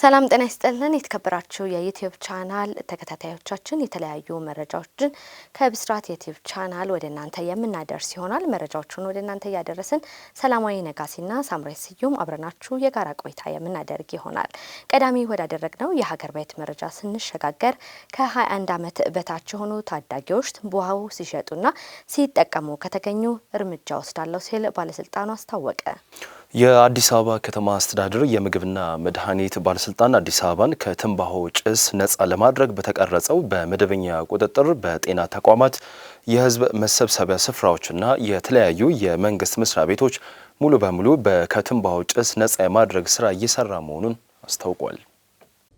ሰላም ጤና ይስጥልን። የተከበራችሁ የዩትዩብ ቻናል ተከታታዮቻችን የተለያዩ መረጃዎችን ከብስራት ዩትዩብ ቻናል ወደ እናንተ የምናደርስ ይሆናል። መረጃዎቹን ወደ እናንተ እያደረስን ሰላማዊ ነጋሲና ሳምሬት ስዩም አብረናችሁ የጋራ ቆይታ የምናደርግ ይሆናል። ቀዳሚ ወዳደረግነው የሀገር ቤት መረጃ ስንሸጋገር ከ21 ዓመት በታች የሆኑ ታዳጊዎች ትንባሆ ሲሸጡና ሲጠቀሙ ከተገኙ እርምጃ ወስዳለሁ ሲል ባለስልጣኑ አስታወቀ። የአዲስ አበባ ከተማ አስተዳደር የምግብና መድኃኒት ባለስልጣን አዲስ አበባን ከትንባሆ ጭስ ነጻ ለማድረግ በተቀረጸው በመደበኛ ቁጥጥር በጤና ተቋማት፣ የህዝብ መሰብሰቢያ ስፍራዎችና የተለያዩ የመንግስት መስሪያ ቤቶች ሙሉ በሙሉ ከትንባሆ ጭስ ነጻ የማድረግ ስራ እየሰራ መሆኑን አስታውቋል።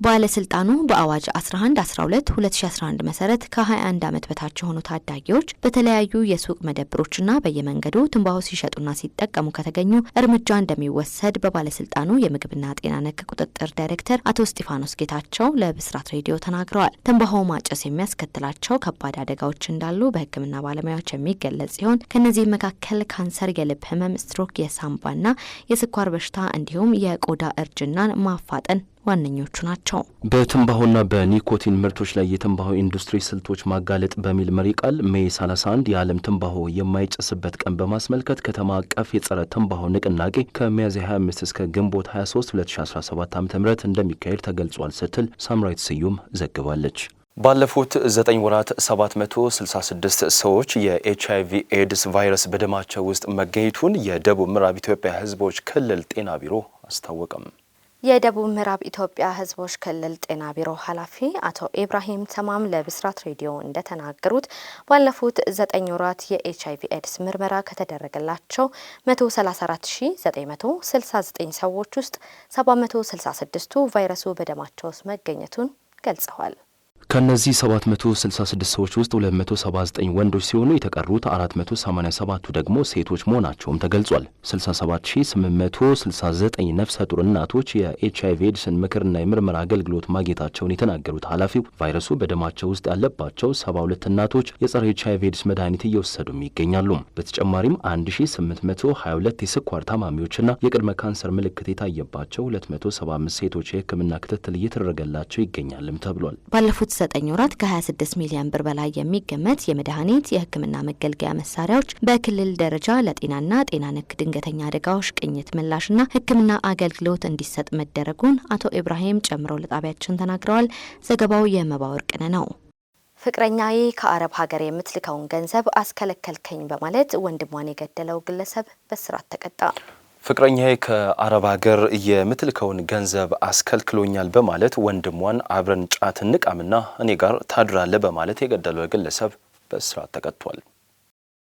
ባለስልጣኑ በአዋጅ 12 2011 መሰረት ከ21 ዓመት በታች የሆኑ ታዳጊዎች በተለያዩ የሱቅ መደብሮችና በየመንገዱ ትንባሆ ሲሸጡና ሲጠቀሙ ከተገኙ እርምጃ እንደሚወሰድ በባለስልጣኑ የምግብና ጤና ነክ ቁጥጥር ዳይሬክተር አቶ እስጢፋኖስ ጌታቸው ለብስራት ሬዲዮ ተናግረዋል። ትንባሆ ማጨስ የሚያስከትላቸው ከባድ አደጋዎች እንዳሉ በሕክምና ባለሙያዎች የሚገለጽ ሲሆን ከእነዚህ መካከል ካንሰር፣ የልብ ህመም፣ ስትሮክ፣ የሳምባና የስኳር በሽታ እንዲሁም የቆዳ እርጅናን ማፋጠን ዋነኞቹ ናቸው። በትንባሆና በኒኮቲን ምርቶች ላይ የትንባሆ ኢንዱስትሪ ስልቶች ማጋለጥ በሚል መሪ ቃል ሜይ 31 የዓለም ትንባሆ የማይጨስበት ቀን በማስመልከት ከተማ አቀፍ የጸረ ትንባሆ ንቅናቄ ከሚያዝያ 25 እስከ ግንቦት 23 2017 ዓ ም እንደሚካሄድ ተገልጿል ስትል ሳምራይት ስዩም ዘግባለች። ባለፉት 9 ወራት 766 ሰዎች የኤች አይቪ ኤድስ ቫይረስ በደማቸው ውስጥ መገኘቱን የደቡብ ምዕራብ ኢትዮጵያ ሕዝቦች ክልል ጤና ቢሮ አስታወቀም። የደቡብ ምዕራብ ኢትዮጵያ ሕዝቦች ክልል ጤና ቢሮ ኃላፊ አቶ ኢብራሂም ተማም ለብስራት ሬዲዮ እንደተናገሩት ባለፉት ዘጠኝ ወራት የኤች አይቪ ኤድስ ምርመራ ከተደረገላቸው 134969 ሰዎች ውስጥ 766ቱ ቫይረሱ በደማቸው ውስጥ መገኘቱን ገልጸዋል። ከነዚህ 766 ሰዎች ውስጥ 279 ወንዶች ሲሆኑ የተቀሩት 487ቱ ደግሞ ሴቶች መሆናቸውም ተገልጿል። 67869 ነፍሰ ጡር እናቶች የኤች አይቪ ኤድስን ምክርና የምርመራ አገልግሎት ማግኘታቸውን የተናገሩት ኃላፊው ቫይረሱ በደማቸው ውስጥ ያለባቸው 72 እናቶች የጸረ ኤች አይቪ ኤድስ መድኃኒት እየወሰዱም ይገኛሉ። በተጨማሪም 1822 የስኳር ታማሚዎችና የቅድመ ካንሰር ምልክት የታየባቸው 275 ሴቶች የህክምና ክትትል እየተደረገላቸው ይገኛልም ተብሏል። ባለፉት ዘጠኝ ወራት ከ26 ሚሊዮን ብር በላይ የሚገመት የመድኃኒት የሕክምና መገልገያ መሳሪያዎች በክልል ደረጃ ለጤናና ጤና ነክ ድንገተኛ አደጋዎች ቅኝት ምላሽና ሕክምና አገልግሎት እንዲሰጥ መደረጉን አቶ ኢብራሂም ጨምሮ ለጣቢያችን ተናግረዋል። ዘገባው የመባ ወርቅነ ነው። ፍቅረኛዬ ከአረብ ሀገር የምትልከውን ገንዘብ አስከለከልከኝ በማለት ወንድሟን የገደለው ግለሰብ በስራት ተቀጣ። ፍቅረኛዬ ከአረብ ሀገር የምትልከውን ገንዘብ አስከልክሎኛል በማለት ወንድሟን አብረን ጫት እንቃምና እኔ ጋር ታድራለ በማለት የገደለው ግለሰብ በእስራት ተቀጥቷል።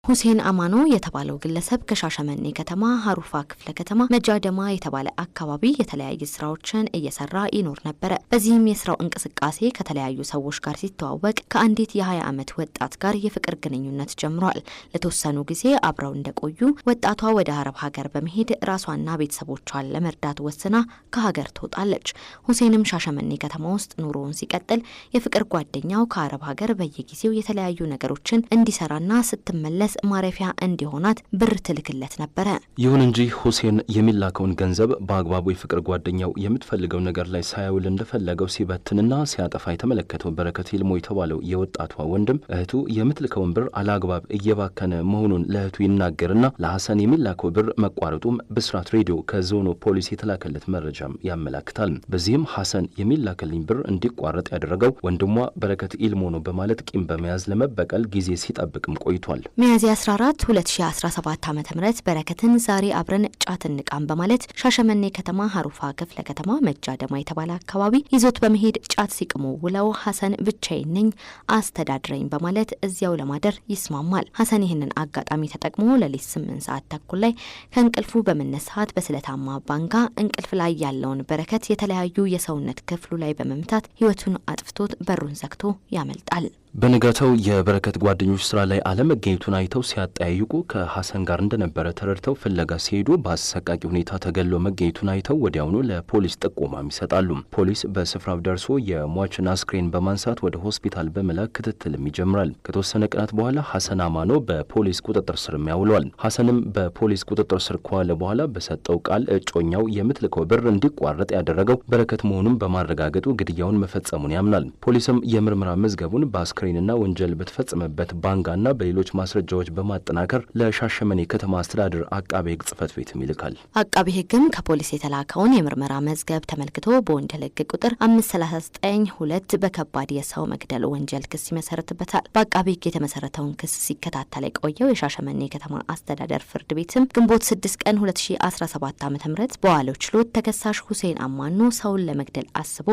ሁሴን አማኖ የተባለው ግለሰብ ከሻሸመኔ ከተማ ሀሩፋ ክፍለ ከተማ መጃደማ የተባለ አካባቢ የተለያየ ስራዎችን እየሰራ ይኖር ነበረ። በዚህም የስራው እንቅስቃሴ ከተለያዩ ሰዎች ጋር ሲተዋወቅ ከአንዲት የ ያ ዓመት ወጣት ጋር የፍቅር ግንኙነት ጀምሯል። ለተወሰኑ ጊዜ አብረው እንደቆዩ ወጣቷ ወደ አረብ ሀገር በመሄድ ራሷና ቤተሰቦቿን ለመርዳት ወስና ከሀገር ትወጣለች። ሁሴንም ሻሸመኔ ከተማ ውስጥ ኑሮውን ሲቀጥል የፍቅር ጓደኛው ከአረብ ሀገር በየጊዜው የተለያዩ ነገሮችን እንዲሰራና ስትመለስ ለመንፈስ ማረፊያ እንዲሆናት ብር ትልክለት ነበረ። ይሁን እንጂ ሁሴን የሚላከውን ገንዘብ በአግባቡ የፍቅር ጓደኛው የምትፈልገው ነገር ላይ ሳያውል እንደፈለገው ሲበትንና ሲያጠፋ የተመለከተው በረከት ይልሞ የተባለው የወጣቷ ወንድም እህቱ የምትልከውን ብር አላግባብ እየባከነ መሆኑን ለእህቱ ይናገርና ለሐሰን የሚላከው ብር መቋረጡም ብስራት ሬዲዮ ከዞኑ ፖሊስ የተላከለት መረጃም ያመላክታል። በዚህም ሐሰን የሚላክልኝ ብር እንዲቋረጥ ያደረገው ወንድሟ በረከት ኢልሞ ነው በማለት ቂም በመያዝ ለመበቀል ጊዜ ሲጠብቅም ቆይቷል። ሚያዝያ 14 2017 ዓ ም በረከትን ዛሬ አብረን ጫት እንቃም በማለት ሻሸመኔ ከተማ ሀሩፋ ክፍለ ከተማ መጃ ደማ የተባለ አካባቢ ይዞት በመሄድ ጫት ሲቅሙ ውለው ሀሰን ብቻዬን ነኝ አስተዳድረኝ በማለት እዚያው ለማደር ይስማማል። ሀሰን ይህንን አጋጣሚ ተጠቅሞ ሌሊት 8 ሰዓት ተኩል ላይ ከእንቅልፉ በመነሳት በስለታማ ባንጋ እንቅልፍ ላይ ያለውን በረከት የተለያዩ የሰውነት ክፍሉ ላይ በመምታት ህይወቱን አጥፍቶት በሩን ዘግቶ ያመልጣል። በንጋታው የበረከት ጓደኞች ስራ ላይ አለመገኘቱን አይተው ሲያጠያይቁ ከሐሰን ጋር እንደነበረ ተረድተው ፍለጋ ሲሄዱ በአሰቃቂ ሁኔታ ተገሎ መገኘቱን አይተው ወዲያውኑ ለፖሊስ ጥቆማም ይሰጣሉ። ፖሊስ በስፍራው ደርሶ የሟችን አስክሬን በማንሳት ወደ ሆስፒታል በመላክ ክትትልም ይጀምራል። ከተወሰነ ቀናት በኋላ ሐሰን አማኖ በፖሊስ ቁጥጥር ስርም ያውሏል። ሐሰንም በፖሊስ ቁጥጥር ስር ከዋለ በኋላ በሰጠው ቃል እጮኛው የምትልከው ብር እንዲቋረጥ ያደረገው በረከት መሆኑን በማረጋገጡ ግድያውን መፈጸሙን ያምናል። ፖሊስም የምርመራ መዝገቡን በአስክሬ አስክሬንና ወንጀል በተፈጸመበት ባንጋና በሌሎች ማስረጃዎች በማጠናከር ለሻሸመኔ ከተማ አስተዳደር አቃቤ ሕግ ጽፈት ቤትም ይልካል። አቃቤ ሕግም ከፖሊስ የተላከውን የምርመራ መዝገብ ተመልክቶ በወንጀል ሕግ ቁጥር አምስት ሰላሳ ዘጠኝ ሁለት በከባድ የሰው መግደል ወንጀል ክስ ይመሰርትበታል። በአቃቤ ሕግ የተመሰረተውን ክስ ሲከታተል የቆየው የሻሸመኔ ከተማ አስተዳደር ፍርድ ቤትም ግንቦት ስድስት ቀን ሁለት ሺ አስራ ሰባት አመተ ምህረት በዋለው ችሎት ተከሳሽ ሁሴን አማኖ ሰውን ለመግደል አስቦ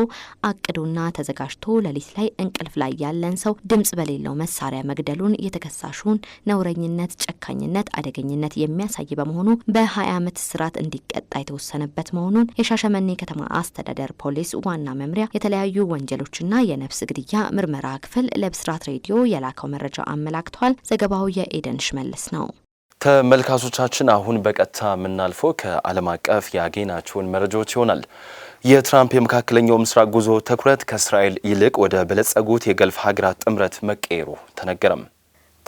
አቅዶና ተዘጋጅቶ ሌሊት ላይ እንቅልፍ ላይ ያለን ሰው ድምጽ በሌለው መሳሪያ መግደሉን የተከሳሹን ነውረኝነት፣ ጨካኝነት፣ አደገኝነት የሚያሳይ በመሆኑ በ20 ዓመት እስራት እንዲቀጣ የተወሰነበት መሆኑን የሻሸመኔ ከተማ አስተዳደር ፖሊስ ዋና መምሪያ የተለያዩ ወንጀሎችና የነፍስ ግድያ ምርመራ ክፍል ለብስራት ሬዲዮ የላከው መረጃ አመላክቷል። ዘገባው የኤደን ሽመልስ ነው። ተመልካቾቻችን አሁን በቀጥታ የምናልፈው ከዓለም አቀፍ ያገኘናቸውን መረጃዎች ይሆናል። የትራምፕ የመካከለኛው ምስራቅ ጉዞ ትኩረት ከእስራኤል ይልቅ ወደ በለጸጉት የገልፍ ሀገራት ጥምረት መቀየሩ ተነገረም።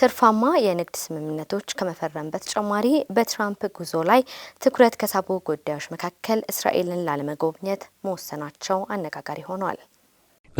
ትርፋማ የንግድ ስምምነቶች ከመፈረም በተጨማሪ በትራምፕ ጉዞ ላይ ትኩረት ከሳቡ ጉዳዮች መካከል እስራኤልን ላለመጎብኘት መወሰናቸው አነጋጋሪ ሆኗል።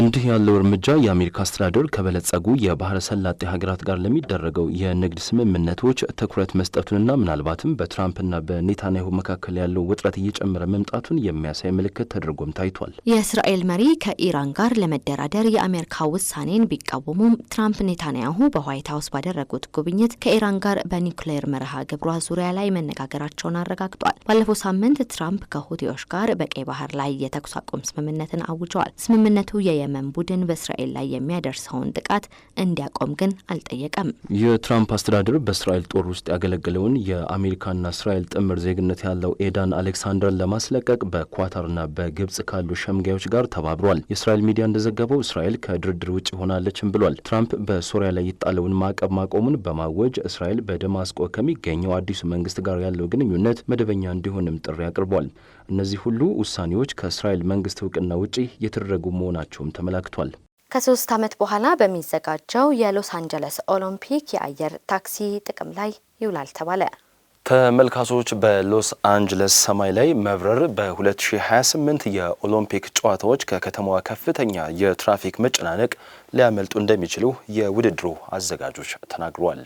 እንዲህ ያለው እርምጃ የአሜሪካ አስተዳደር ከበለጸጉ የባህረ ሰላጤ ሀገራት ጋር ለሚደረገው የንግድ ስምምነቶች ትኩረት መስጠቱንና ምናልባትም በትራምፕና በኔታንያሁ መካከል ያለው ውጥረት እየጨመረ መምጣቱን የሚያሳይ ምልክት ተደርጎም ታይቷል። የእስራኤል መሪ ከኢራን ጋር ለመደራደር የአሜሪካ ውሳኔን ቢቃወሙም ትራምፕ ኔታንያሁ በዋይት ሀውስ ባደረጉት ጉብኝት ከኢራን ጋር በኒውክሌር መርሃ ግብሯ ዙሪያ ላይ መነጋገራቸውን አረጋግጧል። ባለፈው ሳምንት ትራምፕ ከሁቲዎች ጋር በቀይ ባህር ላይ የተኩስ አቁም ስምምነትን አውጀዋል። ስምምነቱ የ የየመን ቡድን በእስራኤል ላይ የሚያደርሰውን ጥቃት እንዲያቆም ግን አልጠየቀም። የትራምፕ አስተዳደር በእስራኤል ጦር ውስጥ ያገለገለውን የአሜሪካና እስራኤል ጥምር ዜግነት ያለው ኤዳን አሌክሳንደርን ለማስለቀቅ በኳታርና በግብጽ ካሉ ሸምጋዮች ጋር ተባብሯል። የእስራኤል ሚዲያ እንደዘገበው እስራኤል ከድርድር ውጭ ሆናለችም ብሏል። ትራምፕ በሶሪያ ላይ የጣለውን ማዕቀብ ማቆሙን በማወጅ እስራኤል በደማስቆ ከሚገኘው አዲሱ መንግስት ጋር ያለው ግንኙነት መደበኛ እንዲሆንም ጥሪ አቅርቧል። እነዚህ ሁሉ ውሳኔዎች ከእስራኤል መንግስት እውቅና ውጪ የተደረጉ መሆናቸውም መሆኑም ተመላክቷል። ከሶስት ዓመት በኋላ በሚዘጋጀው የሎስ አንጀለስ ኦሎምፒክ የአየር ታክሲ ጥቅም ላይ ይውላል ተባለ። ተመልካቾች በሎስ አንጀለስ ሰማይ ላይ መብረር በ2028 የኦሎምፒክ ጨዋታዎች ከከተማዋ ከፍተኛ የትራፊክ መጨናነቅ ሊያመልጡ እንደሚችሉ የውድድሩ አዘጋጆች ተናግረዋል።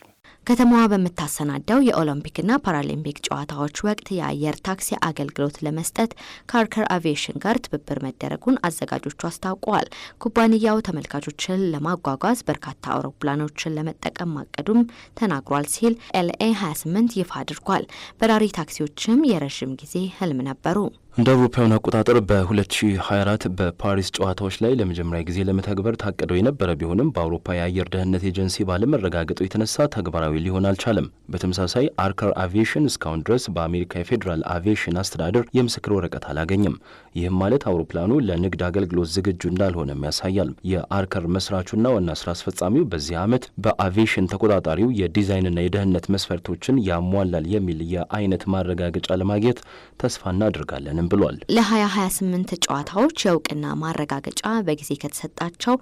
ከተማዋ በምታሰናዳው የኦሎምፒክና ፓራሊምፒክ ጨዋታዎች ወቅት የአየር ታክሲ አገልግሎት ለመስጠት ካርከር አቪዬሽን ጋር ትብብር መደረጉን አዘጋጆቹ አስታውቀዋል። ኩባንያው ተመልካቾችን ለማጓጓዝ በርካታ አውሮፕላኖችን ለመጠቀም ማቀዱም ተናግሯል ሲል ኤልኤ 28 ይፋ አድርጓል። በራሪ ታክሲዎችም የረዥም ጊዜ ህልም ነበሩ። እንደ አውሮፓውያን አቆጣጠር በ2024 በፓሪስ ጨዋታዎች ላይ ለመጀመሪያ ጊዜ ለመተግበር ታቅደው የነበረ ቢሆንም በአውሮፓ የአየር ደህንነት ኤጀንሲ ባለመረጋገጡ የተነሳ ተግባራዊ ሊሆን አልቻለም። በተመሳሳይ አርከር አቪዬሽን እስካሁን ድረስ በአሜሪካ የፌዴራል አቪዬሽን አስተዳደር የምስክር ወረቀት አላገኘም። ይህም ማለት አውሮፕላኑ ለንግድ አገልግሎት ዝግጁ እንዳልሆነም ያሳያል። የአርከር መስራቹና ዋና ስራ አስፈጻሚው በዚህ ዓመት በአቪዬሽን ተቆጣጣሪው የዲዛይንና የደህንነት መስፈርቶችን ያሟላል የሚል የአይነት ማረጋገጫ ለማግኘት ተስፋ እናደርጋለን አልቻልንም ብሏል። ለ2028 ጨዋታዎች የእውቅና ማረጋገጫ በጊዜ ከተሰጣቸው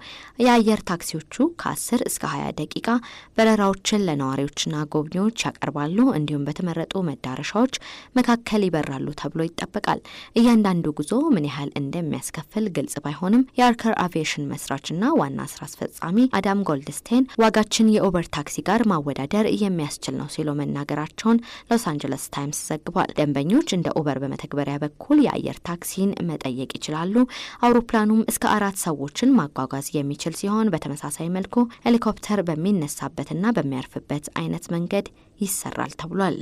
የአየር ታክሲዎቹ ከ10 እስከ 20 ደቂቃ በረራዎችን ለነዋሪዎችና ጎብኚዎች ያቀርባሉ። እንዲሁም በተመረጡ መዳረሻዎች መካከል ይበራሉ ተብሎ ይጠበቃል። እያንዳንዱ ጉዞ ምን ያህል እንደሚያስከፍል ግልጽ ባይሆንም የአርከር አቪዬሽን መስራችና ዋና ስራ አስፈጻሚ አዳም ጎልድስቴን ዋጋችን የኡበር ታክሲ ጋር ማወዳደር የሚያስችል ነው ሲሉ መናገራቸውን ሎስ አንጀለስ ታይምስ ዘግቧል። ደንበኞች እንደ ኡበር በመተግበሪያ በኩል በኩል የአየር ታክሲን መጠየቅ ይችላሉ። አውሮፕላኑም እስከ አራት ሰዎችን ማጓጓዝ የሚችል ሲሆን በተመሳሳይ መልኩ ሄሊኮፕተር በሚነሳበትና በሚያርፍበት አይነት መንገድ ይሰራል ተብሏል።